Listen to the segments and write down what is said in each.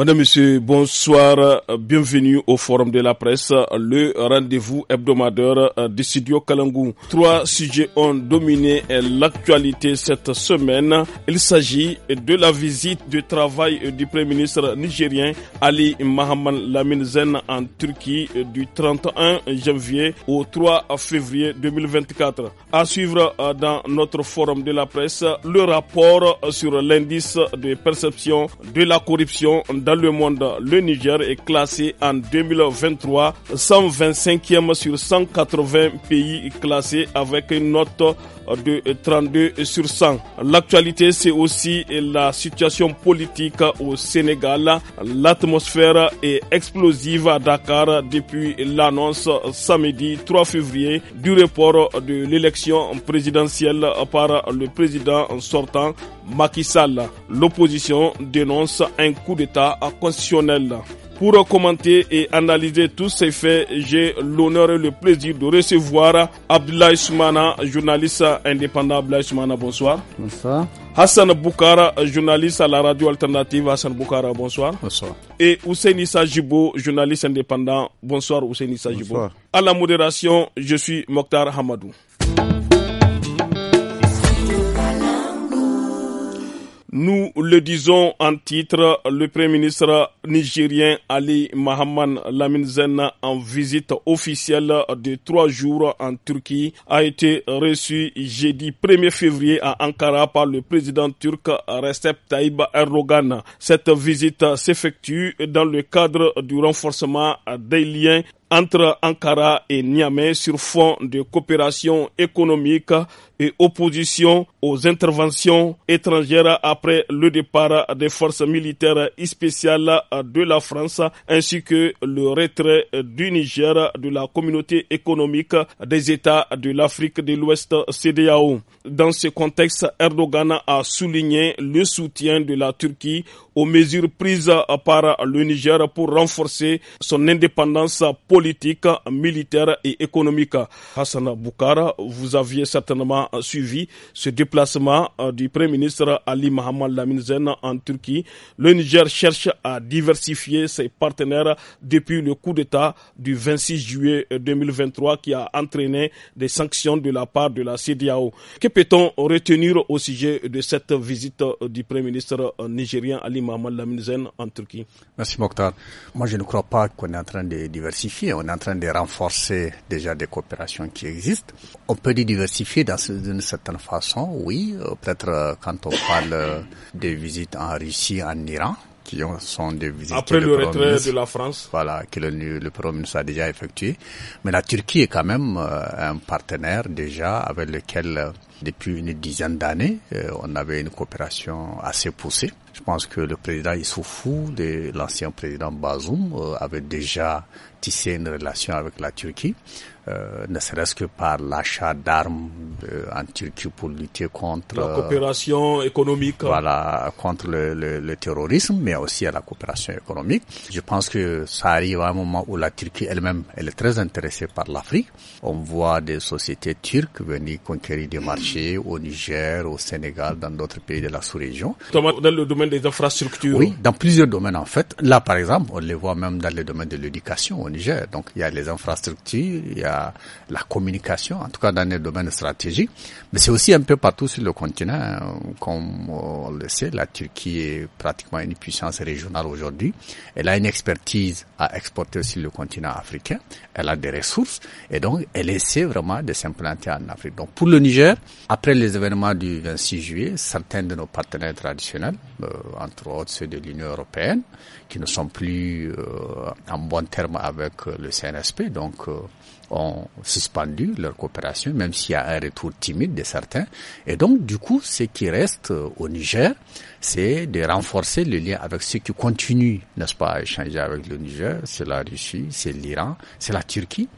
Madame, Monsieur, bonsoir. Euh, bienvenue au Forum de la presse, le rendez-vous hebdomadaire euh, du studio Kalangou. Trois sujets ont dominé euh, l'actualité cette semaine. Il s'agit de la visite de travail du Premier ministre nigérien Ali Mahaman Laminzen en Turquie du 31 janvier au 3 février 2024. À suivre dans notre Forum de la presse, le rapport sur l'indice de perception de la corruption dans le monde, le Niger est classé en 2023 125e sur 180 pays classés avec une note de 32 sur 100. L'actualité, c'est aussi la situation politique au Sénégal. L'atmosphère est explosive à Dakar depuis l'annonce samedi 3 février du report de l'élection présidentielle par le président sortant Macky L'opposition dénonce un coup d'État constitutionnel. Pour commenter et analyser tous ces faits, j'ai l'honneur et le plaisir de recevoir Abdoulaye Soumana, journaliste indépendant. Abdoulaye Soumana, bonsoir. Bonsoir. Hassan Boukara, journaliste à la radio alternative. Hassan Boukara, bonsoir. Bonsoir. Et Oussé Issa Jibo, journaliste indépendant. Bonsoir Hussein Nissa Jibo. À la modération, je suis Mokhtar Hamadou. Nous le disons en titre, le Premier ministre nigérien Ali Mahaman Laminzen en visite officielle de trois jours en Turquie a été reçu jeudi 1er février à Ankara par le président turc Recep Tayyip Erdogan. Cette visite s'effectue dans le cadre du renforcement des liens entre Ankara et Niamey sur fond de coopération économique et opposition aux interventions étrangères après le départ des forces militaires spéciales de la France ainsi que le retrait du Niger de la communauté économique des États de l'Afrique de l'Ouest CDAO. Dans ce contexte, Erdogan a souligné le soutien de la Turquie aux mesures prises par le Niger pour renforcer son indépendance politique politique, militaire et économique. Hassan Boukara, vous aviez certainement suivi ce déplacement euh, du Premier ministre Ali Mohamed Laminzen en Turquie. Le Niger cherche à diversifier ses partenaires depuis le coup d'État du 26 juillet 2023 qui a entraîné des sanctions de la part de la CDAO. Que peut-on retenir au sujet de cette visite euh, du Premier ministre euh, nigérien Ali Mohamed Laminzen en Turquie Merci Mokhtar. Moi, je ne crois pas qu'on est en train de diversifier on est en train de renforcer déjà des coopérations qui existent. On peut les diversifier d'une certaine façon, oui. Euh, peut-être euh, quand on parle euh, des visites en Russie, en Iran, qui sont des visites. Après le, retrait de la France. Voilà, que le, le Premier ministre a déjà effectué. Mais la Turquie est quand même un partenaire déjà avec lequel, depuis une dizaine d'années, on avait une coopération assez poussée. Je pense que le président Issoufou, l'ancien président Bazoum, euh, avait déjà tissé une relation avec la Turquie, euh, ne serait-ce que par l'achat d'armes euh, en Turquie pour lutter contre la euh, coopération économique, voilà, contre le, le, le, terrorisme, mais aussi à la coopération économique. Je pense que ça arrive à un moment où la Turquie elle-même, elle est très intéressée par l'Afrique. On voit des sociétés turques venir conquérir des marchés au Niger, au Sénégal, dans d'autres pays de la sous-région. le domaine infrastructures. Oui, dans plusieurs domaines en fait. Là, par exemple, on les voit même dans les domaines de l'éducation au Niger. Donc, il y a les infrastructures, il y a la communication, en tout cas dans les domaines stratégiques. Mais c'est aussi un peu partout sur le continent. Euh, comme euh, on le sait, la Turquie est pratiquement une puissance régionale aujourd'hui. Elle a une expertise à exporter sur le continent africain. Elle a des ressources et donc elle essaie vraiment de s'implanter en Afrique. Donc pour le Niger, après les événements du 26 juillet, certains de nos partenaires traditionnels, euh, entre autres ceux de l'Union européenne, qui ne sont plus en bon terme avec le CNSP, donc ont suspendu leur coopération, même s'il y a un retour timide de certains. Et donc, du coup, ce qui reste euh, au Niger, c'est de renforcer le lien avec ceux qui continuent, n'est-ce pas, à échanger avec le Niger, c'est la Russie, c'est l'Iran, c'est la Turquie,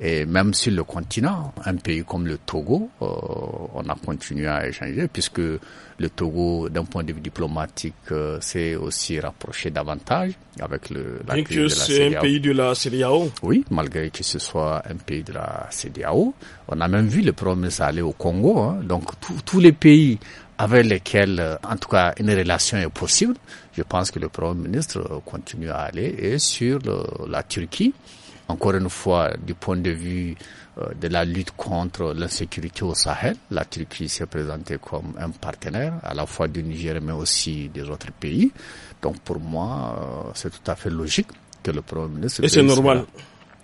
et même sur le continent, un pays comme le Togo, euh, on a continué à échanger, puisque le Togo, d'un point de vue diplomatique, euh, s'est aussi rapproché davantage avec le, la c'est un pays de la CDAO. Oui, malgré que ce soit un pays de la CDAO. On a même vu le premier aller au Congo. Hein. Donc, tous les pays avec lesquels, euh, en tout cas, une relation est possible. Je pense que le Premier ministre euh, continue à aller. Et sur euh, la Turquie, encore une fois, du point de vue de la lutte contre l'insécurité au Sahel, la Turquie s'est présentée comme un partenaire à la fois du Niger mais aussi des autres pays. Donc pour moi, c'est tout à fait logique que le Premier ministre... Et c'est normal.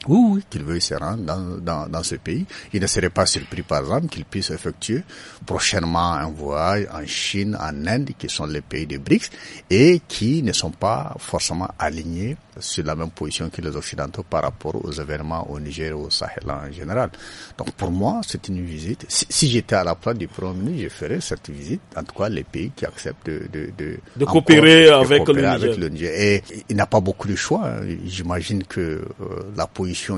Oui, qu'il veuille se rendre dans, dans, dans, ce pays. Il ne serait pas surpris, par exemple, qu'il puisse effectuer prochainement un voyage en Chine, en Inde, qui sont les pays des BRICS, et qui ne sont pas forcément alignés sur la même position que les Occidentaux par rapport aux événements au Niger et au Sahel en général. Donc pour moi, c'est une visite. Si, j'étais à la place du Premier ministre, je ferais cette visite, en tout cas les pays qui acceptent de... De, de, coopérer, avec, le Niger. Et il n'a pas beaucoup de choix. Hein. J'imagine que euh, la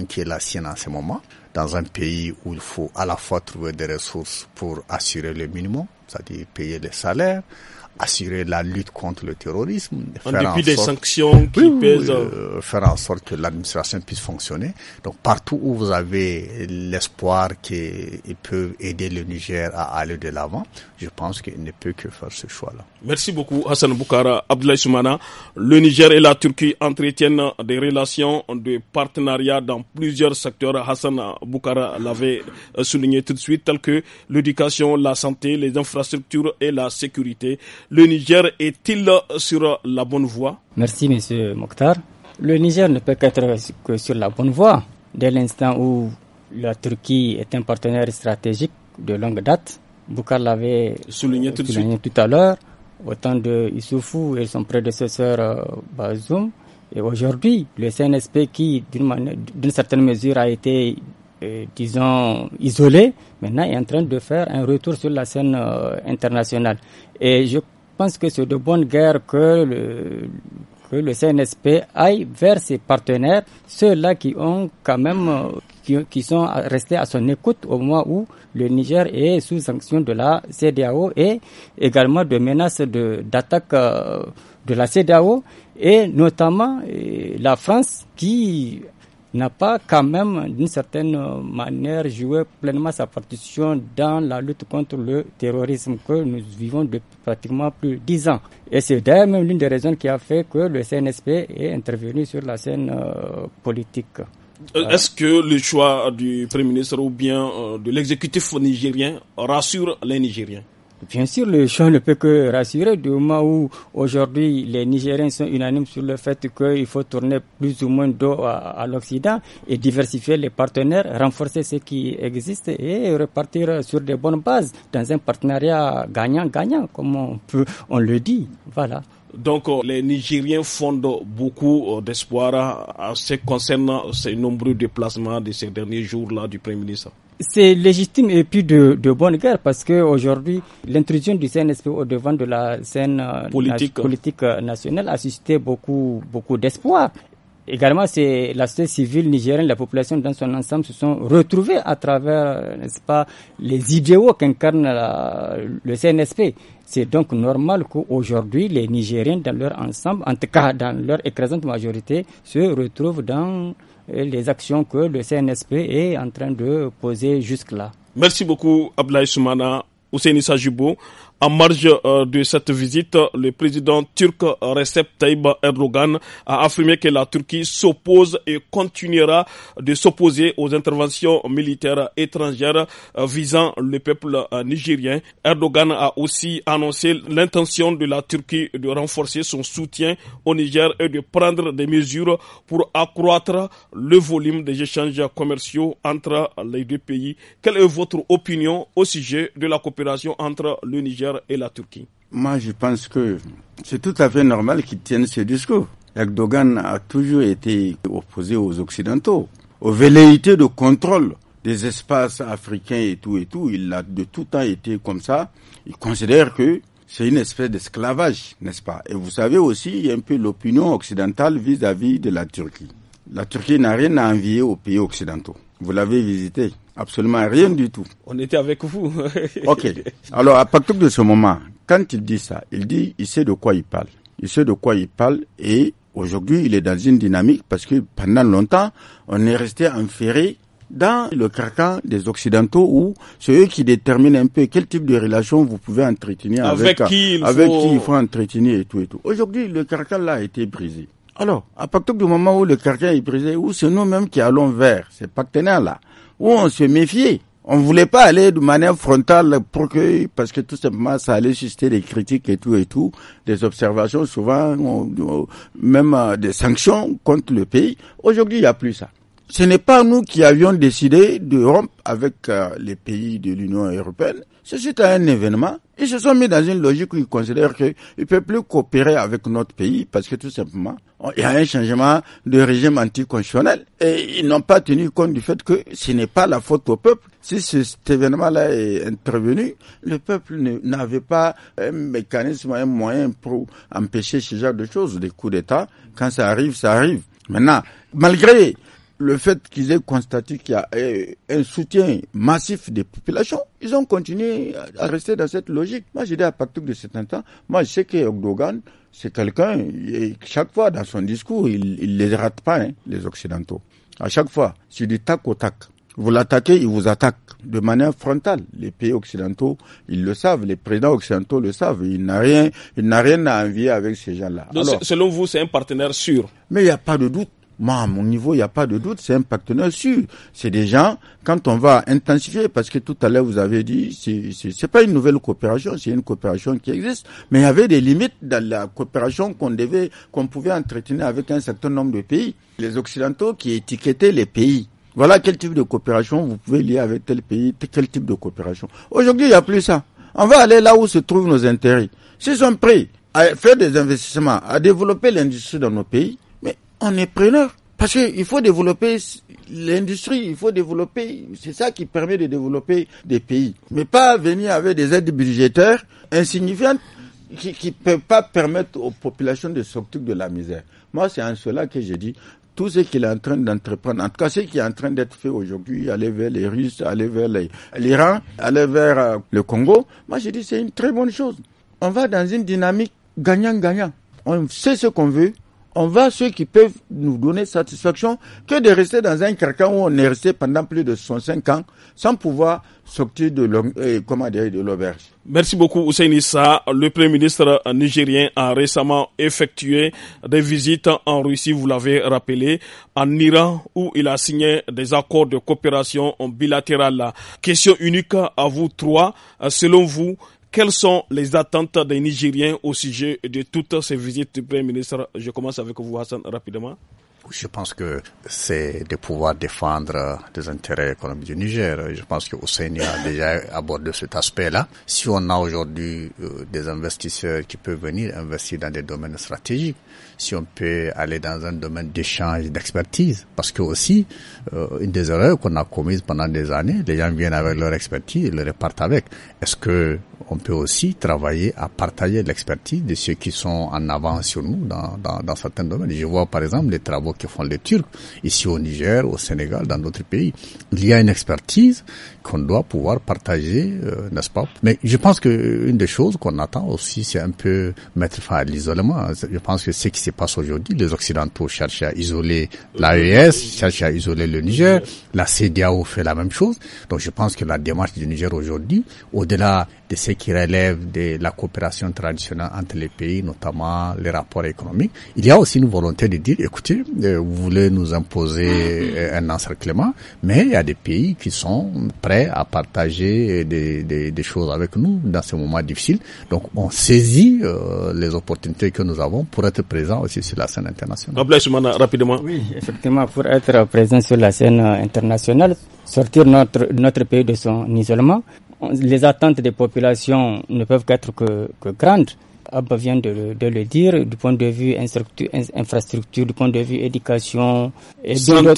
qui est la sienne en ce moment, dans un pays où il faut à la fois trouver des ressources pour assurer le minimum, c'est-à-dire payer les salaires, assurer la lutte contre le terrorisme, faire, en des sorte, sanctions qui pèsent. Euh, faire en sorte que l'administration puisse fonctionner. Donc partout où vous avez l'espoir qu'ils peuvent aider le Niger à aller de l'avant, je pense qu'il ne peut que faire ce choix-là. Merci beaucoup Hassan Boukara, Abdoulaye Soumana. Le Niger et la Turquie entretiennent des relations de partenariat dans plusieurs secteurs. Hassan Boukara l'avait euh, souligné tout de suite, tels que l'éducation, la santé, les infrastructures et la sécurité le Niger est-il sur la bonne voie Merci, Monsieur Mokhtar. Le Niger ne peut qu'être que sur la bonne voie dès l'instant où la Turquie est un partenaire stratégique de longue date. Boukar l'avait euh, souligné, tout, à l'heure, autant de Issoufou et son prédécesseur euh, Bazoum. Et aujourd'hui, le CNSP qui, d'une certaine mesure, a été, euh, disons, isolé, maintenant est en train de faire un retour sur la scène internationale. Et je je pense que c'est de bonne guerre que le, le CNSP aille vers ses partenaires, ceux-là qui ont quand même, qui, sont restés à son écoute au moment où le Niger est sous sanction de la CDAO et également de menaces d'attaque de, euh, de la CDAO et notamment euh, la France qui n'a pas quand même, d'une certaine manière, joué pleinement sa partition dans la lutte contre le terrorisme que nous vivons depuis pratiquement plus de dix ans. Et c'est d'ailleurs même l'une des raisons qui a fait que le CNSP est intervenu sur la scène euh, politique. Euh, est-ce que le choix du Premier ministre ou bien euh, de l'exécutif nigérien rassure les Nigériens Bien sûr, le champ ne peut que rassurer du moment où aujourd'hui les Nigériens sont unanimes sur le fait qu'il faut tourner plus ou moins d'eau à, l'Occident et diversifier les partenaires, renforcer ce qui existe et repartir sur de bonnes bases dans un partenariat gagnant-gagnant, comme on peut, on le dit. Voilà. Donc, euh, les Nigériens fondent beaucoup euh, d'espoir à ce concernant ces nombreux déplacements de ces derniers jours-là du Premier ministre. C'est légitime et puis de, bonne guerre parce que aujourd'hui l'intrusion du CNSP au devant de la scène euh, politique, politique euh, nationale a suscité beaucoup, beaucoup d'espoir. Également, c'est la société civile nigérienne, la population dans son ensemble se sont retrouvés à travers, euh, n'est-ce pas, les idéaux qu'incarne le CNSP. C'est donc normal qu'aujourd'hui, les Nigériens dans leur ensemble, en tout cas dans leur écrasante majorité, se retrouvent dans les actions que le CNSP est en train de poser jusque-là. Merci beaucoup, Ablaïsoumana, Soumana, Ousseini Sajibo. En marge euh, de cette visite, le président turc Recep Tayyip Erdogan a affirmé que la Turquie s'oppose et continuera de s'opposer aux interventions militaires étrangères visant le peuple nigérien. Erdogan a aussi annoncé l'intention de la Turquie de renforcer son soutien au Niger et de prendre des mesures pour accroître le volume des échanges commerciaux entre les deux pays. Quelle est votre opinion au sujet de la coopération entre le Niger et la Turquie Moi, je pense que c'est tout à fait normal qu'ils tiennent ce discours. Erdogan a toujours été opposé aux Occidentaux, aux velléités de contrôle des espaces africains et tout et tout. Il a de tout temps été comme ça. Il considère que c'est une espèce d'esclavage, n'est-ce pas Et vous savez aussi il y a un peu l'opinion occidentale vis-à-vis -vis de la Turquie. La Turquie n'a rien à envier aux pays occidentaux. Vous l'avez visité, Absolument rien du tout. On était avec vous. ok. Alors, à partir de ce moment, quand il dit ça, il dit, il sait de quoi il parle. Il sait de quoi il parle et aujourd'hui, il est dans une dynamique parce que pendant longtemps, on est resté enferré dans le carcan des Occidentaux où c'est eux qui déterminent un peu quel type de relation vous pouvez entretenir avec, qui, il avec qui entretenir et tout et tout. Aujourd'hui, le carcan là a été brisé. Alors, à partir du moment où le carcan est brisé, où c'est nous-mêmes qui allons vers ces partenaires-là, où on se méfiait. On ne voulait pas aller de manière frontale pour que, parce que tout simplement, ça allait susciter des critiques et tout et tout, des observations souvent, même euh, des sanctions contre le pays. Aujourd'hui, il n'y a plus ça ce n'est pas nous qui avions décidé de rompre avec euh, les pays de l'Union européenne. à un événement. Ils se sont mis dans une logique où ils considèrent qu'ils ne peuvent plus coopérer avec notre pays parce que tout simplement, il y a un changement de régime anticonstitutionnel. Et ils n'ont pas tenu compte du fait que ce n'est pas la faute au peuple. Si cet événement-là est intervenu, le peuple n'avait pas un mécanisme, un moyen pour empêcher ce genre de choses, des coups d'État. Quand ça arrive, ça arrive. Maintenant, malgré le fait qu'ils aient constaté qu'il y a eh, un soutien massif des populations, ils ont continué à rester dans cette logique. Moi, j'ai dit à partir de certains temps. moi, je sais que c'est quelqu'un, chaque fois dans son discours, il ne les rate pas, hein, les Occidentaux. À chaque fois, si du tac au tac. Vous l'attaquez, il vous attaque de manière frontale. Les pays occidentaux, ils le savent, les présidents occidentaux le savent. Il n'a rien, il n'a rien à envier avec ces gens-là. selon vous, c'est un partenaire sûr. Mais il n'y a pas de doute. Moi, à mon niveau, il n'y a pas de doute, c'est un partenaire sûr. C'est des gens, quand on va intensifier, parce que tout à l'heure, vous avez dit, c'est pas une nouvelle coopération, c'est une coopération qui existe, mais il y avait des limites dans la coopération qu'on devait, qu'on pouvait entretenir avec un certain nombre de pays. Les Occidentaux qui étiquetaient les pays. Voilà quel type de coopération vous pouvez lier avec tel pays, quel type de coopération. Aujourd'hui, il n'y a plus ça. On va aller là où se trouvent nos intérêts. S'ils sont prêts à faire des investissements, à développer l'industrie dans nos pays, on est preneur. Parce qu'il faut développer l'industrie, il faut développer, c'est ça qui permet de développer des pays. Mais pas venir avec des aides budgétaires insignifiantes qui ne peuvent pas permettre aux populations de sortir de la misère. Moi, c'est en cela que j'ai dit, tout ce qu'il est en train d'entreprendre, en tout cas ce qui est en train d'être fait aujourd'hui, aller vers les Russes, aller vers l'Iran, aller vers euh, le Congo, moi j'ai dit c'est une très bonne chose. On va dans une dynamique gagnant-gagnant. On sait ce qu'on veut, on va ceux qui peuvent nous donner satisfaction que de rester dans un carcan où on est resté pendant plus de 65 ans sans pouvoir sortir de euh, l'auberge. Merci beaucoup Hussein Issa. Le Premier ministre nigérien a récemment effectué des visites en Russie, vous l'avez rappelé, en Iran où il a signé des accords de coopération bilatérale. Question unique à vous trois. Euh, selon vous, quelles sont les attentes des Nigériens au sujet de toutes ces visites du Premier ministre Je commence avec vous, Hassan, rapidement. Je pense que c'est de pouvoir défendre les euh, intérêts économiques du Niger. Je pense que Hussein a déjà abordé cet aspect-là. Si on a aujourd'hui euh, des investisseurs qui peuvent venir investir dans des domaines stratégiques, si on peut aller dans un domaine d'échange, d'expertise, parce que aussi, euh, une des erreurs qu'on a commises pendant des années, les gens viennent avec leur expertise, et le repartent avec. Est-ce que on peut aussi travailler à partager l'expertise de ceux qui sont en avance sur nous dans, dans, dans certains domaines. Je vois par exemple les travaux que font les Turcs ici au Niger, au Sénégal, dans d'autres pays. Il y a une expertise qu'on doit pouvoir partager, euh, n'est-ce pas Mais je pense que une des choses qu'on attend aussi, c'est un peu mettre fin à l'isolement. Je pense que c'est qui passe aujourd'hui. Les Occidentaux cherchent à isoler l'AES, cherchent à isoler le Niger. La CDAO fait la même chose. Donc je pense que la démarche du Niger aujourd'hui, au-delà de ce qui relève de la coopération traditionnelle entre les pays, notamment les rapports économiques, il y a aussi une volonté de dire, écoutez, euh, vous voulez nous imposer euh, un encerclement, mais il y a des pays qui sont prêts à partager des, choses avec nous dans ces moments difficiles. Donc on saisit euh, les opportunités que nous avons pour être présents aussi sur la scène internationale. rapidement. Oui, effectivement, pour être présent sur la scène internationale, sortir notre, notre pays de son isolement, les attentes des populations ne peuvent qu'être que, grandes. Abba vient de, le dire, du point de vue infrastructure, du point de vue éducation,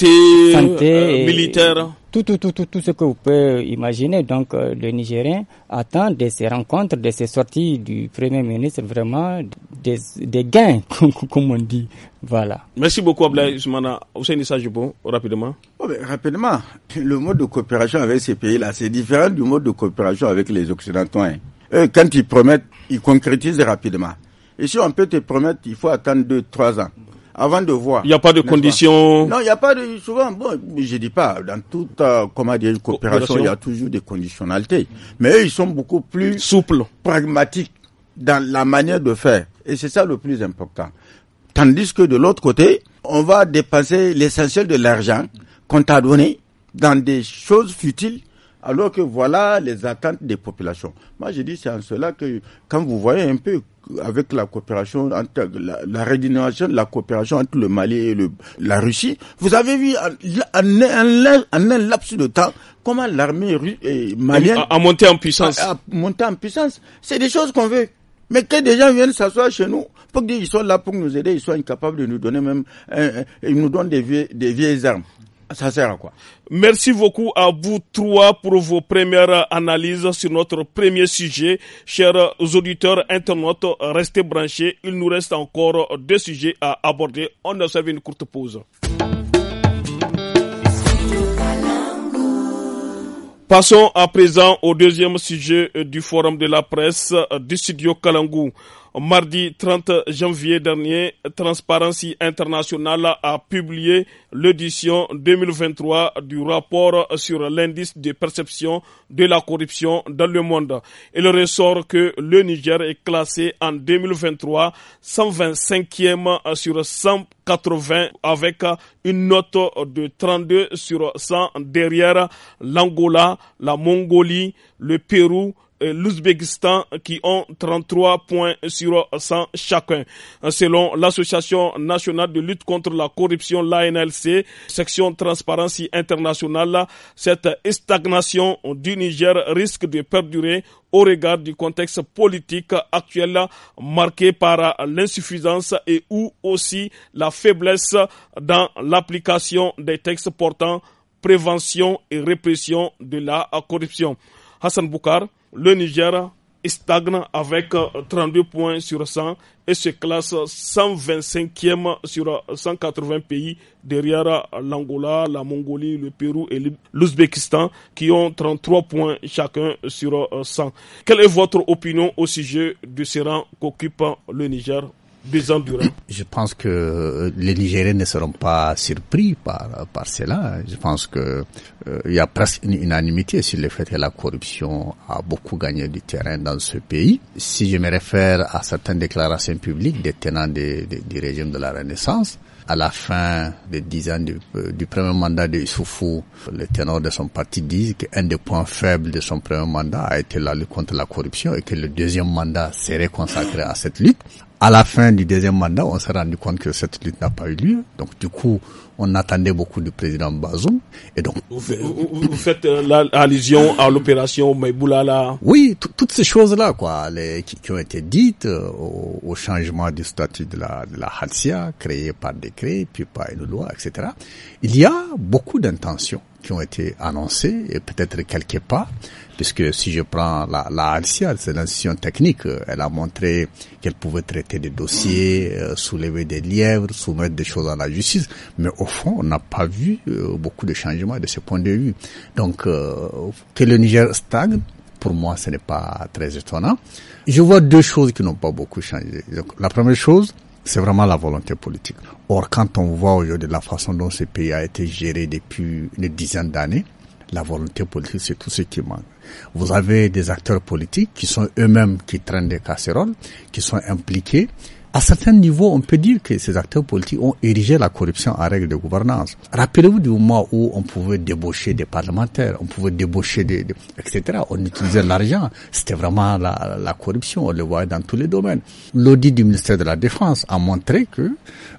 santé, euh, militaire tout, tout, ce que vous pouvez imaginer. Donc, euh, le Nigérien attend de ces rencontres, de ces sorties du Premier ministre, vraiment des, gains, comme on dit. Voilà. Merci beaucoup, Ablaï avez Hussein Sajibou, rapidement. Oh, rapidement, le mode de coopération avec ces pays-là, c'est différent du mode de coopération avec les Occidentaux. Hein. Euh, quand ils promettent, ils concrétisent rapidement. Et si on peut te promettre, il faut attendre deux, trois ans avant de voir. Il n'y a pas de conditions. non, il n'y a pas de souvent. Bon, je dis pas dans toute euh, coopération, il y a toujours des conditionnalités, mais eux, ils sont beaucoup plus souples, pragmatiques dans la manière de faire, et c'est ça le plus important. Tandis que de l'autre côté, on va dépenser l'essentiel de l'argent qu'on t'a donné dans des choses futiles alors que voilà les attentes des populations. Moi, je dis, c'est en cela que quand vous voyez un peu avec la coopération entre la, la la coopération entre le Mali et le, la Russie. Vous avez vu en, un laps de temps comment l'armée malienne a, monté en puissance. A, en puissance. C'est des choses qu'on veut. Mais que des gens viennent s'asseoir chez nous pour qu'ils soient là pour nous aider, ils soient incapables de nous donner même, ils nous donnent des des vieilles armes ça sert à quoi Merci beaucoup à vous trois pour vos premières analyses sur notre premier sujet. Chers auditeurs, internautes, restez branchés. Il nous reste encore deux sujets à aborder. On a servi une courte pause. Passons à présent au deuxième sujet du forum de la presse du studio Kalangou. Mardi 30 janvier dernier, Transparency International a publié l'édition 2023 du rapport sur l'indice de perception de la corruption dans le monde. Il ressort que le Niger est classé en 2023 125e sur 180 avec une note de 32 sur 100 derrière l'Angola, la Mongolie, le Pérou, l'Ouzbékistan qui ont 33 points sur 100 chacun. Selon l'Association nationale de lutte contre la corruption, l'ANLC, section transparence internationale, cette stagnation du Niger risque de perdurer au regard du contexte politique actuel marqué par l'insuffisance et ou aussi la faiblesse dans l'application des textes portant prévention et répression de la corruption. Hassan Boukar, le Niger stagne avec 32 euh, points sur 100 et se classe 125e sur 180 pays derrière l'Angola, la Mongolie, le Pérou et l'Ouzbékistan qui ont 33 points chacun sur 100. Euh, Quelle est votre opinion au sujet du serin qu'occupe le Niger je pense que euh, les Nigériens ne seront pas surpris par, par cela. Je pense que euh, il y a presque une unanimité sur le fait que la corruption a beaucoup gagné du terrain dans ce pays. Si je me réfère à certaines déclarations publiques des tenants des, du régime de la Renaissance, à la fin des dix ans du, euh, premier mandat de Issoufou, les tenants de son parti disent qu'un des points faibles de son premier mandat a été la lutte contre la corruption et que le deuxième mandat serait consacré à cette lutte à la fin du deuxième mandat, on s'est rendu compte que cette lutte n'a pas eu lieu. Donc du coup, on attendait beaucoup du président Bazoum. Et donc, vous, faites euh, allusion à l'opération Maiboulala. Oui, toutes ces choses-là, quoi, les, qui, ont été dites euh, au, changement du statut de la, de la créé par décret, puis par une loi, etc. Il y a beaucoup d'intentions qui ont été annoncées et peut-être quelques pas, puisque si je prends la, la c'est l'institution technique, elle a montré qu'elle pouvait traiter des dossiers, euh, soulever des lièvres, soumettre des choses à la justice, mais au fond, on n'a pas vu euh, beaucoup de changements de ce point de vue. Donc, euh, que le Niger stagne, pour moi, ce n'est pas très étonnant. Je vois deux choses qui n'ont pas beaucoup changé. la première chose, c'est vraiment la volonté politique. Or, quand on voit aujourd'hui la façon dont ce pays a été géré depuis une dizaine d'années, la volonté politique, c'est tout ce qui manque. Vous avez des acteurs politiques qui sont eux-mêmes qui traînent des casseroles, qui sont impliqués, à certains niveaux, on peut dire que ces acteurs politiques ont érigé la corruption en règle de gouvernance. Rappelez-vous du moment où on pouvait débaucher des parlementaires, on pouvait débaucher des, etc. On utilisait l'argent. C'était vraiment la, la, corruption. On le voit dans tous les domaines. L'audit du ministère de la Défense a montré que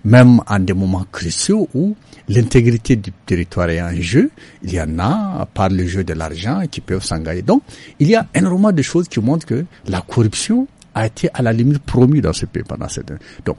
même en des moments cruciaux où l'intégrité du territoire est en jeu, il y en a par le jeu de l'argent qui peuvent s'engager. Donc, il y a énormément de choses qui montrent que la corruption a été à la limite promue dans ce pays pendant cette année. Donc,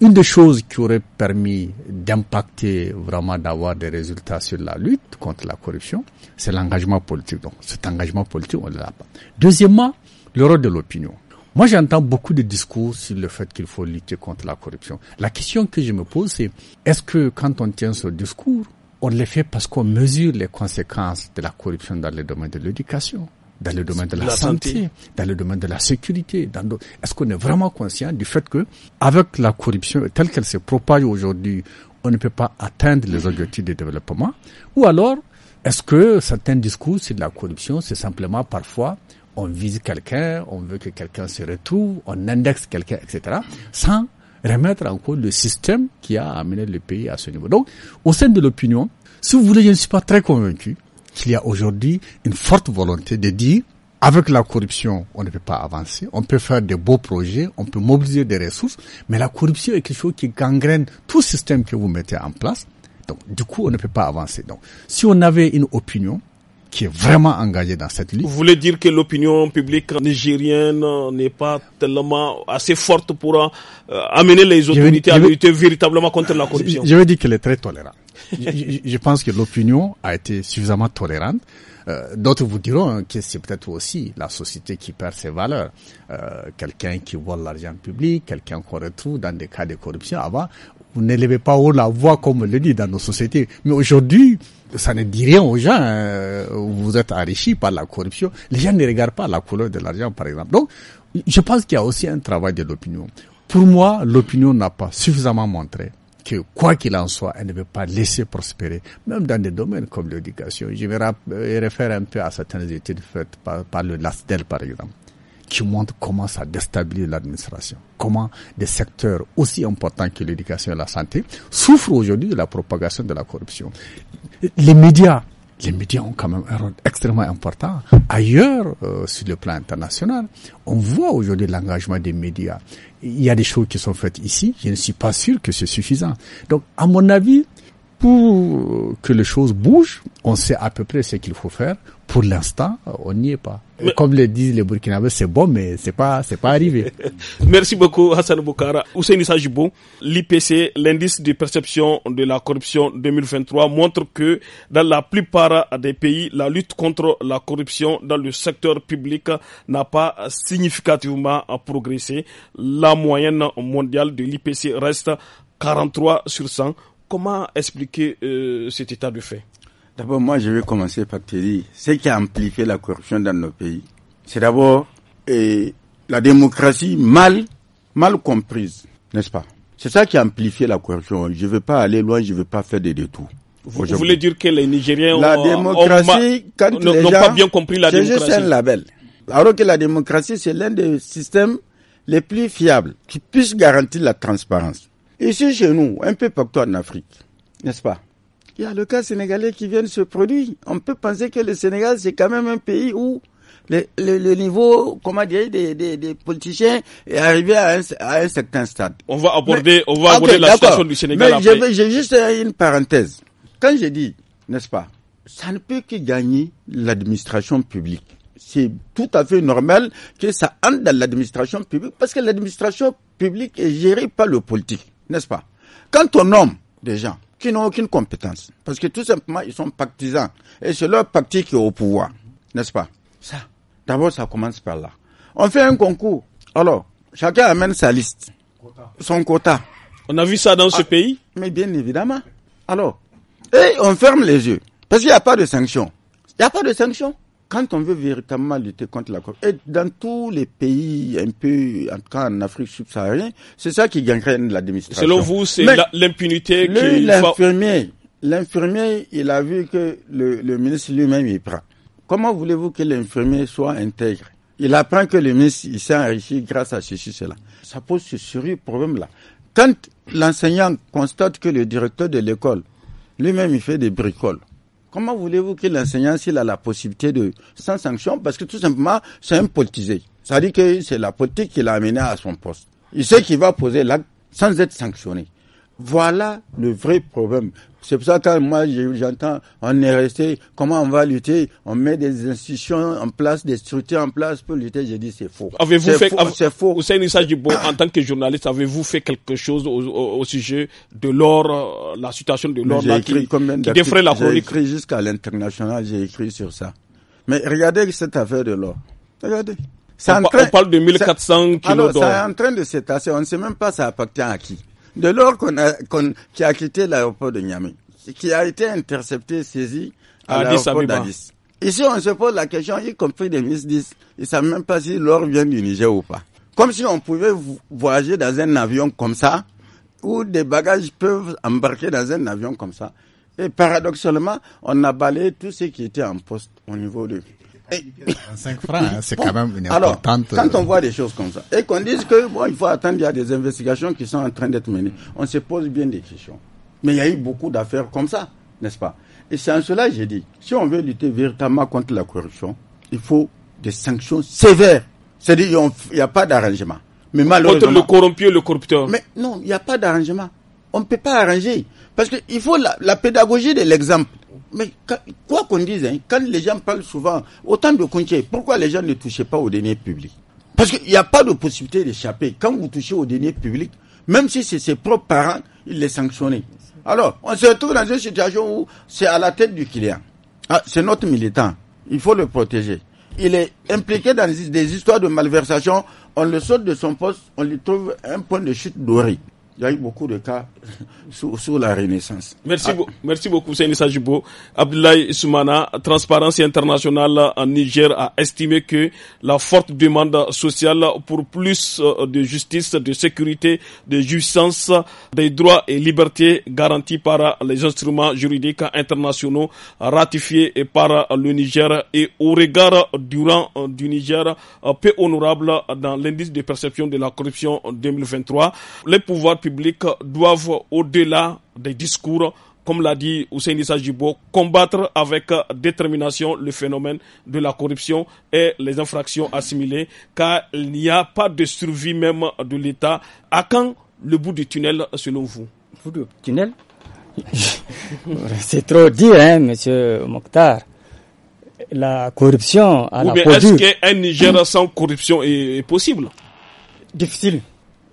une des choses qui aurait permis d'impacter vraiment d'avoir des résultats sur la lutte contre la corruption, c'est l'engagement politique. Donc, cet engagement politique, on ne l'a pas. Deuxièmement, le rôle de l'opinion. Moi, j'entends beaucoup de discours sur le fait qu'il faut lutter contre la corruption. La question que je me pose, c'est est-ce que quand on tient ce discours, on le fait parce qu'on mesure les conséquences de la corruption dans le domaine de l'éducation, dans le domaine de la, santé, dans le domaine de la sécurité. Dans Est-ce qu'on est vraiment conscient du fait que, avec la corruption telle qu'elle se propage aujourd'hui, on ne peut pas atteindre les objectifs de développement Ou alors, est-ce que certains discours sur la corruption, c'est simplement parfois on vise quelqu'un, on veut que quelqu'un se retrouve, on indexe quelqu'un, etc., sans remettre en cause le système qui a amené le pays à ce niveau. Donc, au sein de l'opinion, si vous voulez, je ne suis pas très convaincu il y a aujourd'hui une forte volonté de dire avec la corruption, on ne peut pas avancer. On peut faire de beaux projets, on peut mobiliser des ressources, mais la corruption est quelque chose qui gangrène tout système que vous mettez en place. Donc, du coup, on ne peut pas avancer. Donc, si on avait une opinion qui est vraiment engagée dans cette lutte. Vous voulez dire que l'opinion publique nigérienne n'est pas tellement assez forte pour euh, amener les autorités à lutter véritablement contre la corruption Je veux dire qu'elle est très tolérante je, pense que l'opinion a été suffisamment tolérante. Euh, d'autres vous diront hein, que c'est peut-être aussi la société qui perd ses valeurs. Euh, quelqu'un qui vole l'argent public, quelqu'un qu'on retrouve dans des cas de corruption. Avant, vous n'élevez pas haut la voix comme on le dit dans nos sociétés. Mais aujourd'hui, ça ne dit rien aux gens. Hein. vous êtes enrichi par la corruption. Les gens ne regardent pas la couleur de l'argent, par exemple. Donc, je pense qu'il y a aussi un travail de l'opinion. Pour moi, l'opinion n'a pas suffisamment montré que quoi qu'il en soit, elle ne veut pas laisser prospérer, même dans des domaines comme l'éducation. Je vais euh, référer un peu à certaines études faites par, le LASDEL, par exemple, qui montrent comment ça déstabilise l'administration, comment des secteurs aussi importants que l'éducation et la santé souffrent aujourd'hui de la propagation de la corruption. Les médias les médias ont quand même un rôle extrêmement important. Ailleurs, euh, sur le plan international, on voit aujourd'hui l'engagement des médias. Il y a des choses qui sont faites ici. Je ne suis pas sûr que c'est suffisant. Donc, à mon avis, pour que les choses bougent, on sait à peu près ce qu'il faut faire. Pour l'instant, on n'y est pas. Comme le disent les Burkinabés, c'est bon, mais c'est pas, c'est pas arrivé. Merci beaucoup, Hassan Boukara. Hussein Sajibou, l'IPC, l'indice de perception de la corruption 2023 montre que dans la plupart des pays, la lutte contre la corruption dans le secteur public n'a pas significativement progressé. La moyenne mondiale de l'IPC reste 43 sur 100 Comment expliquer euh, cet état de fait D'abord, moi, je vais commencer par te dire, ce qui a amplifié la corruption dans nos pays, c'est d'abord la démocratie mal, mal comprise, n'est-ce pas C'est ça qui a amplifié la corruption. Je ne veux pas aller loin, je ne veux pas faire des détours. Vous, voulais voulez dire que les Nigériens la ont, démocratie, pas bien compris la démocratie. C'est juste un label. Alors que la démocratie, c'est l'un des systèmes les plus fiables qui puissent garantir la transparence. Ici, chez nous, un peu partout en Afrique, n'est-ce pas Il y a le cas sénégalais qui vient de se produire. On peut penser que le Sénégal, c'est quand même un pays où le, niveau, comment dire, des, politiciens est arrivé à un, certain stade. On va aborder, on va aborder la situation du Sénégal Mais J'ai juste une parenthèse. Quand j'ai dit n'est-ce pas, ça ne peut que gagner l'administration publique. C'est tout à fait normal que ça entre dans l'administration publique parce que l'administration publique est gérée par le politique n'est-ce pas Quand on nomme des gens qui n'ont aucune compétence, parce que tout simplement, ils sont partisans, et c'est leur parti qui est au pouvoir, n'est-ce pas Ça, d'abord, ça commence par là. On fait un concours. Alors, chacun amène sa liste, son quota. On a vu ça dans ce ah, pays Mais bien évidemment. Alors, et on ferme les yeux, parce qu'il n'y a pas de sanction. Il n'y a pas de sanction quand on veut véritablement lutter contre la corruption, et dans tous les pays, un peu, en en Afrique subsaharienne, c'est ça qui la l'administration. Selon vous, c'est l'impunité qui... L'infirmier, l'infirmier, il a vu que le, ministre lui-même, il prend. Comment voulez-vous que l'infirmier soit intègre Il apprend que le ministre, il s'est enrichi grâce à ceci, cela. Ça pose ce sérieux problème-là. Quand l'enseignant constate que le directeur de l'école, lui-même, il fait des bricoles, Comment voulez-vous que l'enseignant, s'il a la possibilité de, sans sanction, parce que tout simplement, c'est un politisé. Ça dit que c'est la politique qui l'a amené à son poste. Il sait qu'il va poser l'acte sans être sanctionné. Voilà le vrai problème. C'est pour ça que quand moi j'entends on est resté, comment on va lutter On met des institutions en place, des structures en place pour lutter. J'ai dit c'est faux. Avez-vous fait C'est faux. Hussein Issa en tant que journaliste, avez-vous fait quelque chose au, sujet de l'or, euh, la situation de l'or qui, qui défrait la chronique J'ai écrit jusqu'à l'international, j'ai écrit sur ça. Mais regardez cette affaire de l'or. Regardez. On, parle de 1400 kilos d'or. est en train de s'étasser. On ne sait même pas ça appartient à qui. De l'or qu'on a, qui a quitté l'aéroport de Niamey, qui a été intercepté, saisi à, l'aéroport Ici, on se pose la question, y compris des ministres ils ne savent même pas si l'or vient du Niger ou pas. Comme si on pouvait voyager dans un avion comme ça, où des bagages peuvent embarquer dans un avion comme ça. Et paradoxalement, on a balayé tout ce qui était en poste au niveau de 5 eh, francs, hein, c'est quand même une importante. Alors, quand on euh, voit des choses comme ça, et qu'on dise que bon, il faut attendre, il y a des investigations qui sont en train d'être menées, on se pose bien des questions. Mais il y a eu beaucoup d'affaires comme ça, n'est-ce pas Et c'est en cela que j'ai dit, si on veut lutter véritablement contre la corruption, il faut des sanctions sévères. C'est-à-dire, il n'y a pas d'arrangement. Mais malheureusement. Contre le corrompu et le corrupteur. Mais non, il n'y a pas d'arrangement. On ne peut pas arranger. Parce qu'il faut la, pédagogie de l'exemple. Mais quoi qu'on dise, hein, quand les gens parlent souvent, autant de conseils, pourquoi les gens ne touchaient pas au deniers public Parce qu'il n'y a pas de possibilité d'échapper. Quand vous touchez au deniers public, même si c'est ses propres parents, il les sanctionnent. Alors, on se retrouve dans une situation où c'est à la tête du client. Ah, c'est notre militant. Il faut le protéger. Il est impliqué dans des histoires de malversation. On le saute de son poste, on lui trouve un point de chute doré il y a eu beaucoup de cas sous, la Renaissance. Merci, ah. merci beaucoup, Sénissa Jubo. Abdoulaye Soumana, Transparence internationale en Niger a estimé que la forte demande sociale pour plus euh, de justice, de sécurité, de jouissance des droits et libertés garantis par les instruments juridiques internationaux ratifiés par le Niger et au regard rang euh, du Niger peu honorable dans l'indice de perception de la corruption 2023, les pouvoirs publics doivent, au-delà des discours, comme l'a dit Hussein Issa combattre avec détermination le phénomène de la corruption et les infractions assimilées, car il n'y a pas de survie même de l'État. À quand le bout du tunnel, selon vous Bout du tunnel C'est trop dire, hein, monsieur Mokhtar la corruption à Est-ce qu'un Niger sans corruption est possible Difficile.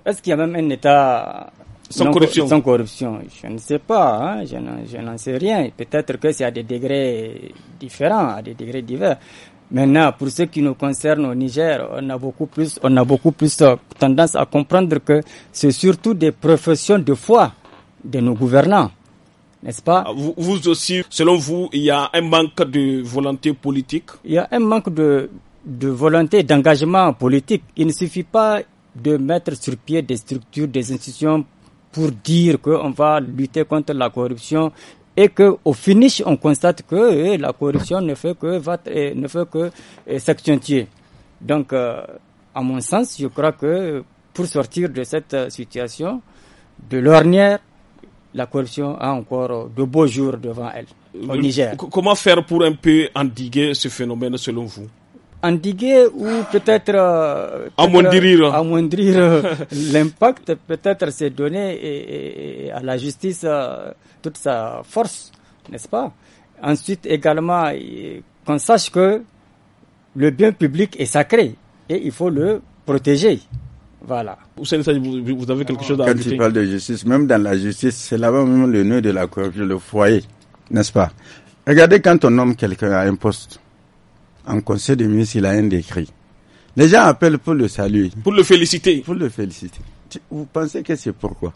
Est-ce qu'il y a même un État sans, corruption. sans corruption Je ne sais pas, hein. je n'en sais rien. Peut-être que c'est à des degrés différents, à des degrés divers. Maintenant, pour ce qui nous concerne au Niger, on a beaucoup plus, on a beaucoup plus euh, tendance à comprendre que c'est surtout des professions de foi de nos gouvernants. N'est-ce pas ah, vous, vous, aussi, selon vous, il y a un manque de volonté politique Il y a un manque de, de volonté, d'engagement politique. Il ne suffit pas de mettre sur pied des structures, des institutions pour dire qu'on va lutter contre la corruption et que au finish on constate que eh, la corruption ne fait que va, eh, ne fait que eh, s'accentuer. Donc euh, à mon sens, je crois que pour sortir de cette euh, situation de l'ornière, la corruption a encore euh, de beaux jours devant elle au Niger. Comment faire pour un peu endiguer ce phénomène selon vous endiguer ou peut-être euh, amoindrir, euh, l'impact. Peut-être c'est donner à la justice euh, toute sa force, n'est-ce pas Ensuite également qu'on sache que le bien public est sacré et il faut le protéger. Voilà. vous avez quelque chose à Quand tu parles de justice, même dans la justice, c'est là même le nœud de la corruption, le foyer, n'est-ce pas Regardez quand on nomme quelqu'un à un poste, en conseil de ministre, il a un décret. Les gens appellent pour le saluer. Pour le féliciter. Pour le féliciter. Vous pensez que c'est pourquoi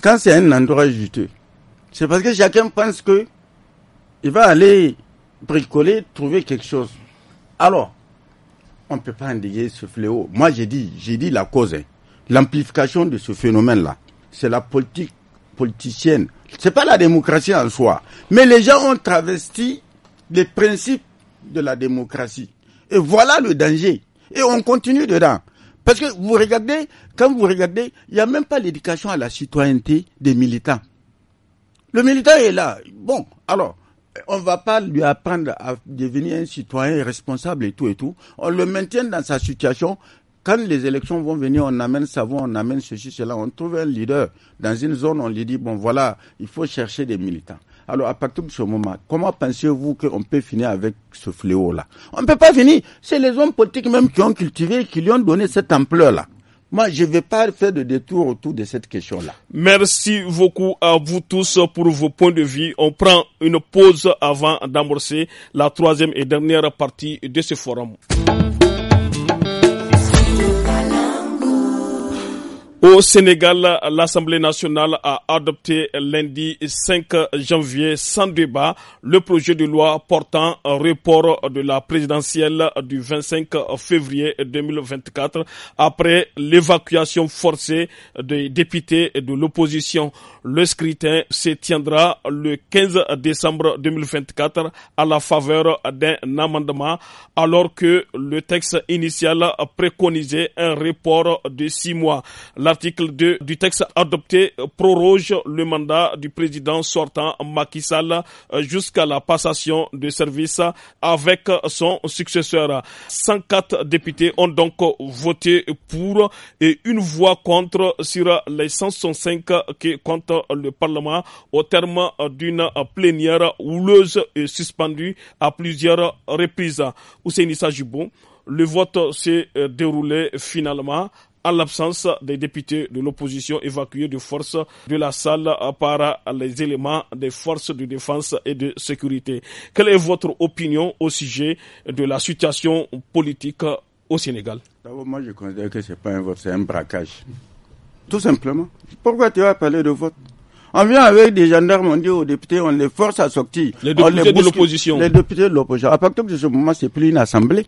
Quand c'est un endroit juteux, c'est parce que chacun pense que il va aller bricoler, trouver quelque chose. Alors, on ne peut pas endiguer ce fléau. Moi, j'ai dit, j'ai dit la cause. Hein. L'amplification de ce phénomène-là, c'est la politique politicienne. C'est pas la démocratie en soi. Mais les gens ont travesti les principes de la démocratie. Et voilà le danger. Et on continue dedans. Parce que vous regardez, quand vous regardez, il n'y a même pas l'éducation à la citoyenneté des militants. Le militant est là. Bon, alors, on ne va pas lui apprendre à devenir un citoyen responsable et tout et tout. On le maintient dans sa situation. Quand les élections vont venir, on amène savoir, on amène ceci, cela. On trouve un leader dans une zone, on lui dit, bon voilà, il faut chercher des militants. Alors, à partir de ce moment, comment pensez-vous qu'on peut finir avec ce fléau-là On ne peut pas finir. C'est les hommes politiques même qui ont cultivé, qui lui ont donné cette ampleur-là. Moi, je ne vais pas faire de détour autour de cette question-là. Merci beaucoup à vous tous pour vos points de vue. On prend une pause avant d'amorcer la troisième et dernière partie de ce forum. Au Sénégal, l'Assemblée nationale a adopté lundi 5 janvier sans débat le projet de loi portant un report de la présidentielle du 25 février 2024 après l'évacuation forcée des députés de l'opposition. Le scrutin se tiendra le 15 décembre 2024 à la faveur d'un amendement alors que le texte initial préconisait un report de six mois. L'article 2 du texte adopté proroge le mandat du président sortant Macky Sall euh, jusqu'à la passation de service avec son successeur. 104 députés ont donc voté pour et une voix contre sur les 105 qui compte le Parlement au terme d'une plénière houleuse suspendue à plusieurs reprises. le vote s'est déroulé finalement en l'absence des députés de l'opposition évacués de force de la salle par les éléments des forces de défense et de sécurité. Quelle est votre opinion au sujet de la situation politique au Sénégal D'abord, moi je considère que ce n'est pas un vote, c'est un braquage. Tout simplement. Pourquoi tu vas parler de vote on vient avec des gendarmes, on dit aux députés, on les force à sortir. Les députés de l'opposition. Les députés de l'opposition. À partir de ce moment, c'est plus une assemblée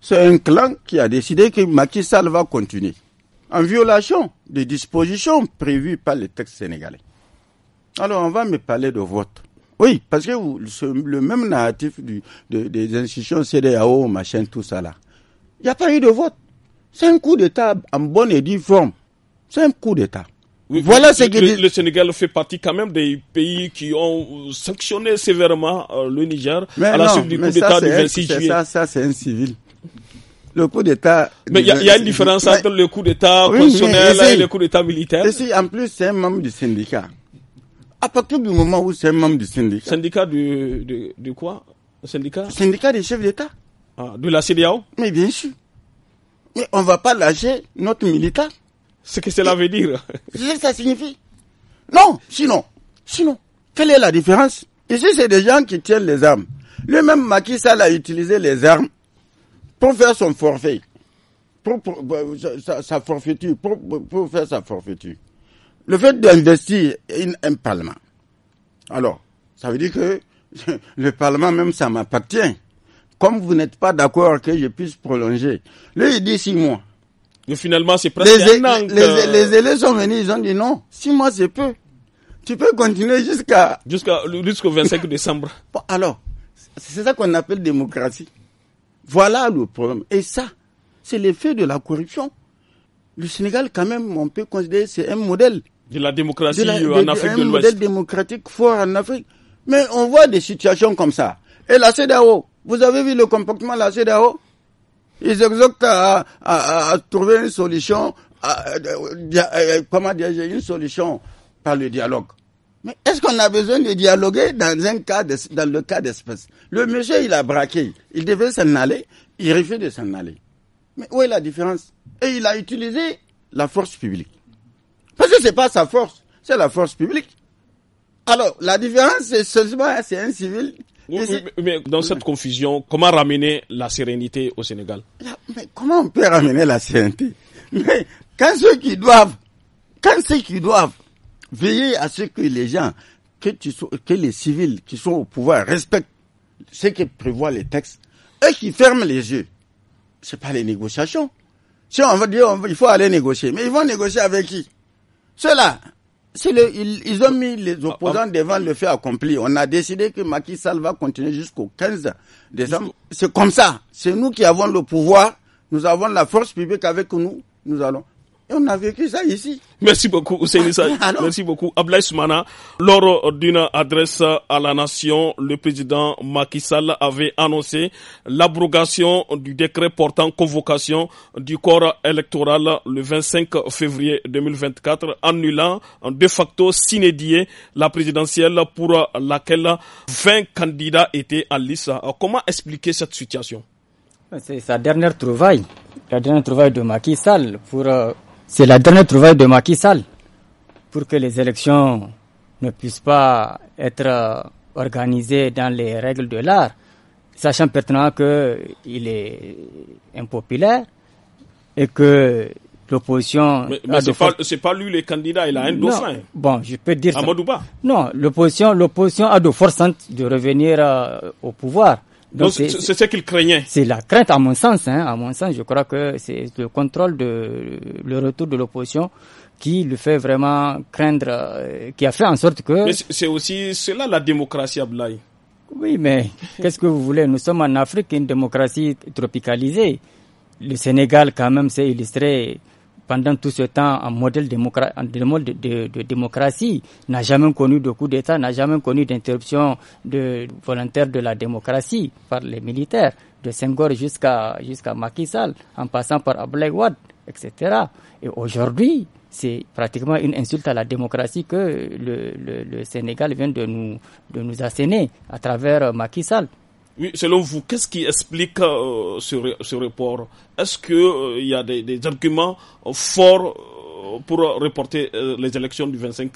c'est un clan qui a décidé que Macky Sall va continuer en violation des dispositions prévues par les textes sénégalais. Alors on va me parler de vote. Oui, parce que le même narratif des institutions CDAO, machin, tout ça là. Il n'y a pas eu de vote. C'est un coup d'État en bonne et due forme. C'est un coup d'État. voilà ce que le, Sénégal fait partie quand même des pays qui ont sanctionné sévèrement euh, le Niger mais à la suite du coup d'État du 26 juillet. Ça, ça c'est un civil le coup d'État. Mais il y, a une différence entre le coup d'État constitutionnel et le coup d'État militaire. Et en plus c'est un membre du syndicat. À partir du moment où c'est un membre du syndicat. Syndicat du, quoi Syndicat Syndicat des chefs d'État. Ah, de la CDAO Mais bien sûr. Mais on ne va pas lâcher notre militaire. Ce que cela veut dire. Ce que ça signifie. Non, sinon, sinon, quelle est la différence Ici, c'est des gens qui tiennent les armes. Le même Macky Sall a utilisé les armes pour faire son forfait, pour, sa, forfaiture, pour, faire sa forfaiture, le fait d'investir un parlement, alors, ça veut dire que le parlement même, ça m'appartient. Comme vous n'êtes pas d'accord que je puisse prolonger. Lui, il dit six mois. Mais finalement, c'est presque les, les, élèves sont venus, ils ont dit non, six mois, c'est peu. Tu peux continuer jusqu'à... Jusqu'au 25 décembre. alors, c'est ça qu'on appelle démocratie. Voilà le problème. Et ça, c'est l'effet de la corruption. Le Sénégal, quand même, on peut considérer c'est un modèle. De la démocratie euh, en Afrique de l'Ouest. Un modèle démocratique fort en Afrique. Mais on voit des situations comme ça. Et la CEDAO, vous avez vu le comportement de la CEDAO Ils exhortent à, trouver une solution, comment dire, une solution par le dialogue. Mais est-ce qu'on a besoin de dialoguer dans, un cas dans le cas d'espèce Le monsieur, il a braqué. Il devait s'en aller. Il refuse de s'en aller. Mais où est la différence Et il a utilisé la force publique. Parce que ce n'est pas sa force, c'est la force publique. Alors, la différence, c'est seulement hein, c'est un civil. mais dans cette confusion, comment ramener la sérénité au Sénégal ah, mais Comment on peut ramener la sérénité Mais quand ceux qui doivent, quand ceux qui doivent Veillez à ce que les gens, que, tu que les civils qui sont au pouvoir respectent ce que prévoit les textes. Eux qui ferment les yeux, c'est pas les négociations. Si on veut dire, il faut aller négocier, mais ils vont négocier avec qui Cela, là ils, ils, ont mis les ah, opposants ah. devant le fait accompli. On a décidé que Macky Sall va continuer jusqu'au 15 décembre. C'est comme ça. C'est nous qui avons le pouvoir. Nous avons la force publique avec nous. Nous allons on a vécu ça ici. Merci beaucoup, Merci beaucoup. Ablaï Soumana, lors d'une adresse à la nation, le président Macky avait annoncé l'abrogation du décret portant convocation du corps électoral le 25 février 2024, annulant de facto sinédier la présidentielle pour laquelle 20 candidats étaient en lice. Comment expliquer cette situation? C'est sa dernière trouvaille, la dernière trouvaille de Macky Sall pour euh, c'est la dernière trouvaille de Macky Sall pour que les élections ne puissent pas être euh, organisées dans les règles de l'art, sachant pertinemment qu'il est impopulaire et que l'opposition. Mais, ce n'est pas, lui le candidat, il a un Bon, je peux dire. Non, l'opposition, l'opposition a de fortes de revenir euh, au pouvoir. Donc, c'est ce qu'il craignait. C'est la crainte, à mon sens. Hein, à mon sens, je crois que c'est le contrôle de le retour de l'opposition qui le fait vraiment craindre, euh, qui a fait en sorte que. Mais c'est aussi cela la démocratie, Ablaï. Oui, mais qu'est-ce que vous voulez Nous sommes en Afrique, une démocratie tropicalisée. Le Sénégal, quand même, s'est illustré pendant tout ce temps un modèle, de, démocratie, n'a jamais connu de coup d'État, n'a jamais connu d'interruption volontaire de la démocratie par les militaires, de Senghor jusqu'à jusqu'à Macky Sall, en passant par Ablai Wad, etc. Et aujourd'hui, c'est pratiquement une insulte à la démocratie que le, le, Sénégal vient de nous, de asséner à travers Macky Sall selon vous, qu'est-ce qui explique euh, ce, report Est-ce qu'il euh, y a des, arguments euh, forts pour reporter les élections du 25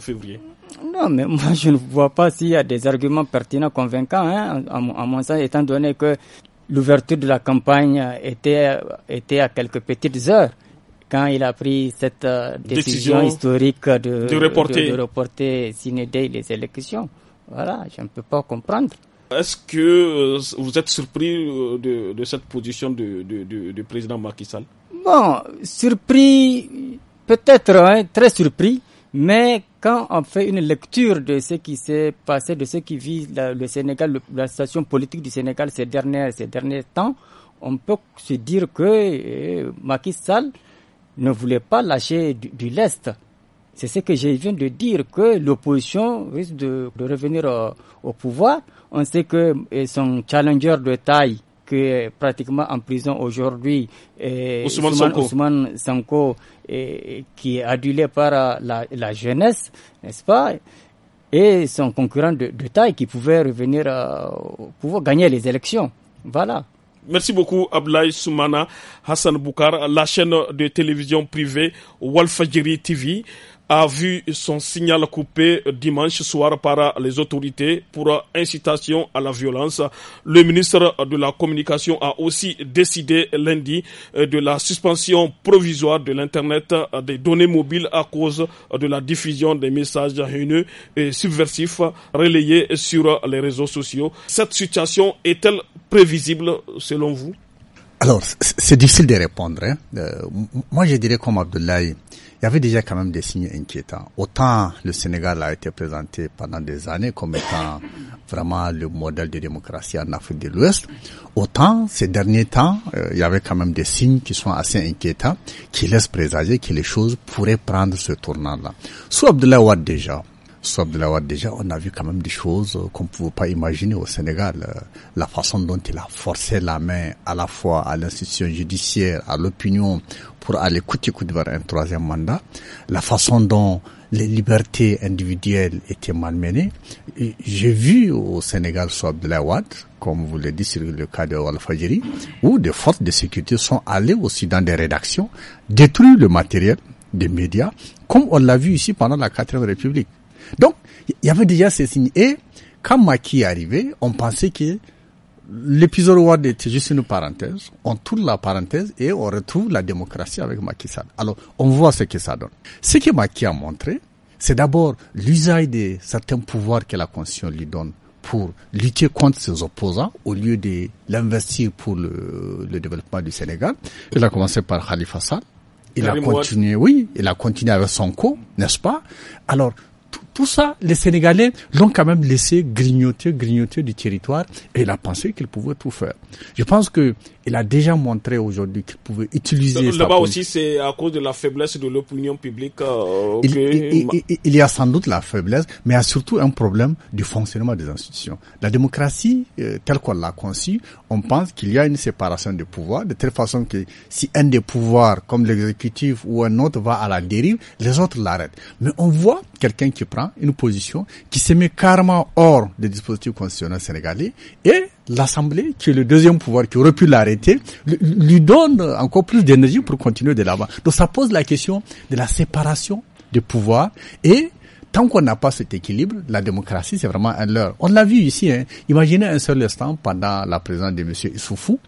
février Non, mais moi je ne vois pas s'il y a des arguments pertinents, convaincants, hein, à, mon sens, étant donné que l'ouverture de la campagne était, à quelques petites heures quand il a pris cette décision, historique de, reporter, de, les élections. Voilà, je ne peux pas comprendre. Est-ce que euh, vous êtes surpris euh, de, cette position du président Macky Sall Bon, surpris, peut-être hein, très surpris, mais quand on fait une lecture de ce qui s'est passé, de ce qui vit le Sénégal, la situation politique du Sénégal ces, derniers temps, on peut se dire que euh, Macky Sall ne voulait pas lâcher du, du lest. C'est ce que je viens de dire, que l'opposition risque de, revenir euh, au, pouvoir. On sait que euh, son challenger de taille, qui est pratiquement en prison aujourd'hui, euh, Ousmane, Sanko, qui est adulé par la, jeunesse, n'est-ce pas Et son concurrent de, de taille qui pouvait revenir au pouvoir, gagner les élections. Voilà. Merci beaucoup Ablaï Soumana, Hassan Boukar, la chaîne de télévision privée Walfajiri TV a vu son signal coupé dimanche soir par les autorités pour incitation à la violence. Le ministre de la Communication a aussi décidé lundi de la suspension provisoire de l'Internet des données mobiles à cause de la diffusion des messages haineux et subversifs relayés sur les réseaux sociaux. Cette situation est-elle prévisible selon vous Alors, c'est difficile de répondre. Hein. Euh, moi, je dirais comme Abdoulaye il y avait déjà quand même des signes inquiétants. Autant le Sénégal a été présenté pendant des années comme étant vraiment le modèle de démocratie en Afrique de l'Ouest, autant ces derniers temps, il euh, y avait quand même des signes qui sont assez inquiétants, qui laissent présager que les choses pourraient prendre ce tournant-là. Sous Abdullah Ouad déjà, Sob de la déjà, on a vu quand même des choses qu'on ne pouvait pas imaginer au Sénégal. Euh, la façon dont il a forcé la main à la fois à l'institution judiciaire, à l'opinion, pour aller coûte coûte vers un troisième mandat. La façon dont les libertés individuelles étaient malmenées. J'ai vu au Sénégal de la watt comme vous l'avez dit sur le cas de Al-Fajiri, où des forces de sécurité sont allées aussi dans des rédactions, détruire le matériel des médias, comme on l'a vu ici pendant la 4 République. Donc, il y avait déjà ces signes. Et quand Maki est arrivé, on pensait que l'épisode Ward était juste une parenthèse. On tourne la parenthèse et on retrouve la démocratie avec Macky Sall. Alors, on voit ce que ça donne. Ce que Maki a montré, c'est d'abord l'usage de certains pouvoirs que la Constitution lui donne pour lutter contre ses opposants au lieu de l'investir pour le, développement du Sénégal. Il a commencé par Khalifa Sall. Il a continué, oui, il a continué avec son co, n'est-ce pas Alors, tout ça, les Sénégalais l'ont quand même laissé grignoter, grignoter du territoire et la pensée qu'ils pouvaient tout faire. Je pense que il a déjà montré aujourd'hui qu'il pouvait utiliser. Là-bas aussi, c'est à cause de la faiblesse de l'opinion publique. Euh, il, y a sans doute la faiblesse, mais il y a surtout un problème du fonctionnement des institutions. La démocratie, euh, telle qu'on l'a conçue, on pense qu'il y a une séparation des pouvoirs, de telle façon que si un des pouvoirs, comme l'exécutif ou un autre, va à la dérive, les autres l'arrêtent. Mais on voit quelqu'un qui prend une position, qui se met carrément hors des dispositifs constitutionnels sénégalais et l'Assemblée, qui est le deuxième pouvoir, qui aurait pu l'arrêter, lui donne encore plus d'énergie pour continuer de l'avant. Donc ça pose la question de la séparation des pouvoirs et tant qu'on n'a pas cet équilibre, la démocratie, c'est vraiment un leurre. On l'a vu ici. Hein. Imaginez un seul instant pendant la présence de M. Issoufou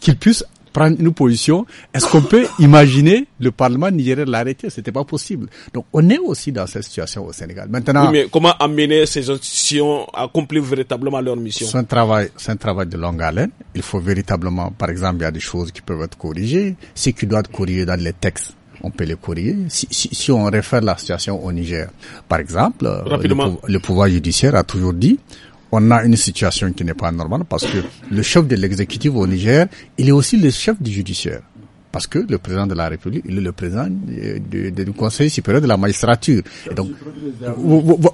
qu'il puisse prendre une position. Est-ce qu'on peut imaginer le Parlement nigérien l'arrêter C'était pas possible. Donc on est aussi dans cette situation au Sénégal. Maintenant, mais comment amener ces institutions à accomplir véritablement leur mission C'est un travail, c'est un travail de longue haleine. Il faut véritablement, par exemple, il y a des choses qui peuvent être corrigées, ce qui doit être corrigé dans les textes on peut les corriger. Si, on réfère la situation au Niger, par exemple, euh, le, pouvoir judiciaire a toujours dit on a une situation qui n'est pas normale parce que le chef de l'exécutif au Niger, il est aussi le chef du judiciaire. Parce que le président de la République, il est le président euh, du, Conseil supérieur de la magistrature. donc,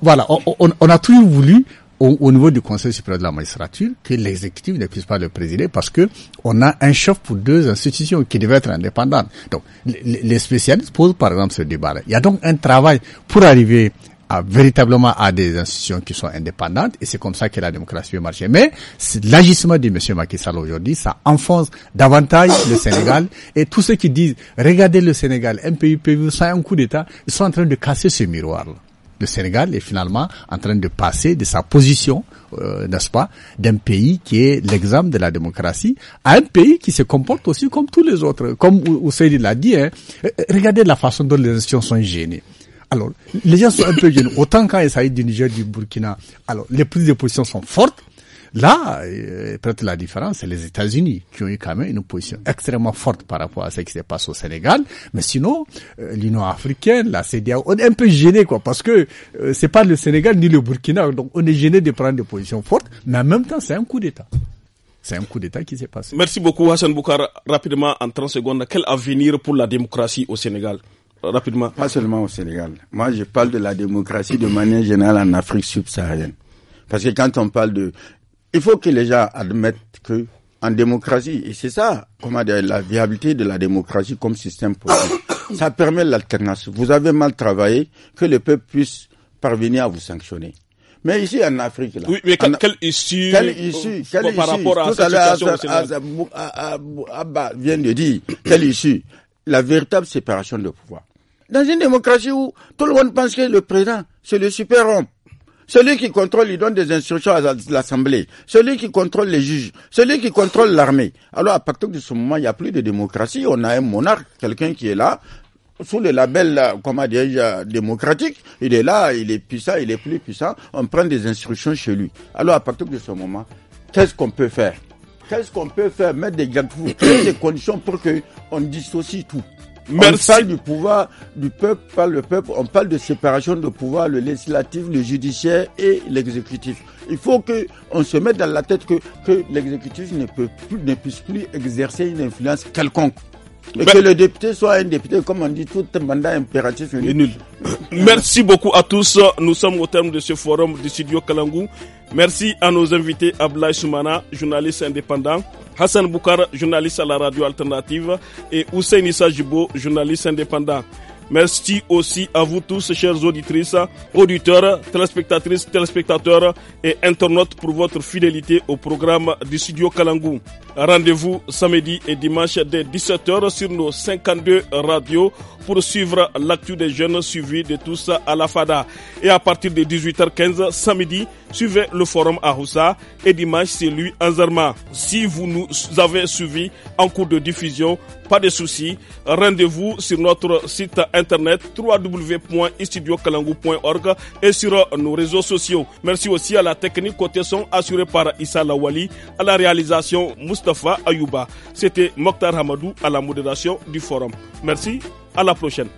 voilà, on, a toujours voulu au, niveau du Conseil supérieur de la magistrature que l'exécutif ne puisse pas le présider parce que on a un chef pour deux institutions qui devaient être indépendantes. Donc, les, les spécialistes posent par exemple ce débat-là. Il y a donc un travail pour arriver véritablement à des institutions qui sont indépendantes et c'est comme ça que la démocratie peut marcher. Mais l'agissement de monsieur Macky Sall aujourd'hui, ça enfonce davantage le Sénégal et tous ceux qui disent regardez le Sénégal, un pays peut un coup d'État, ils sont en train de casser ce miroir-là. Le Sénégal est finalement en train de passer de sa position, euh, n'est-ce pas, d'un pays qui est l'exemple de la démocratie à un pays qui se comporte aussi comme tous les autres. Comme Ousseini l'a dit, hein. euh, euh, regardez la façon dont les institutions sont gênées. Alors, les gens sont un peu gênés. Autant quand il s'agit du Niger, du Burkina, alors les prises de position sont fortes. Là, euh, peut-être la différence, c'est les États-Unis qui ont eu quand même une position extrêmement forte par rapport à ce qui se passe au Sénégal. Mais sinon, euh, l'Union africaine, la CDAO, on est un peu gêné, quoi, parce que euh, c'est pas le Sénégal ni le Burkina, donc on est gêné de prendre des positions fortes. Mais en même temps, c'est un coup d'État. C'est un coup d'État qui s'est passé. Merci beaucoup, Hassan Boukar. Rapidement, en 30 secondes, quel avenir pour la démocratie au Sénégal rapidement. Pas seulement au Sénégal. Moi, je parle de la démocratie de manière générale en Afrique subsaharienne. Parce que quand on parle de... Il faut que les gens admettent que en démocratie, et c'est ça, comment dire, la viabilité de la démocratie comme système politique, ça permet l'alternance. Vous avez mal travaillé, que le peuple puisse parvenir à vous sanctionner. Mais ici en Afrique, là. Oui, issue, issue, euh, issue Tout à Abba vient de dire, quelle issue La véritable séparation de pouvoir. Dans une démocratie où tout le monde pense que le président, c'est le super homme. Celui qui contrôle, il donne des instructions à l'Assemblée. Celui qui contrôle les juges. Celui qui contrôle l'armée. Alors, à partir de ce moment, il n'y a plus de démocratie. On a un monarque, quelqu'un qui est là, sous le label, euh, comment dire, euh, démocratique. Il est là, il est puissant, il est plus puissant. On prend des instructions chez lui. Alors, à partir de ce moment, qu'est-ce qu'on peut faire? Qu'est-ce qu'on peut faire? Mettre des garde des conditions pour qu'on on dissocie tout. On parle du pouvoir du peuple par le peuple. On parle de séparation de pouvoir, le législatif, le judiciaire et l'exécutif. Il faut que se mette dans la tête que, que l'exécutif ne peut plus, ne puisse plus exercer une influence quelconque. Mais que le député soit un député, comme on dit, tout mandat impératif est nul. Merci beaucoup à tous. Nous sommes au terme de ce forum du studio Kalangou. Merci à nos invités Ablaï Soumana, journaliste indépendant, Hassan Boukar, journaliste à la radio alternative, et Hussein Issa Jibo, journaliste indépendant. Merci aussi à vous tous, chers auditrices, auditeurs, téléspectatrices, téléspectateurs et internautes pour votre fidélité au programme du studio Kalangou. Rendez-vous samedi et dimanche dès 17h sur nos 52 radios pour suivre l'actu des jeunes suivis de tous à la FADA. Et à partir de 18h15 samedi, Suivez le forum à Houssa et dimanche celui en Zerma. Si vous nous avez suivi en cours de diffusion, pas de soucis. Rendez-vous sur notre site internet www.istudiokalangu.org et sur nos réseaux sociaux. Merci aussi à la technique côté son assurée par Issa Lawali, à la réalisation Mustapha Ayuba. C'était Mokhtar Hamadou à la modération du forum. Merci, à la prochaine.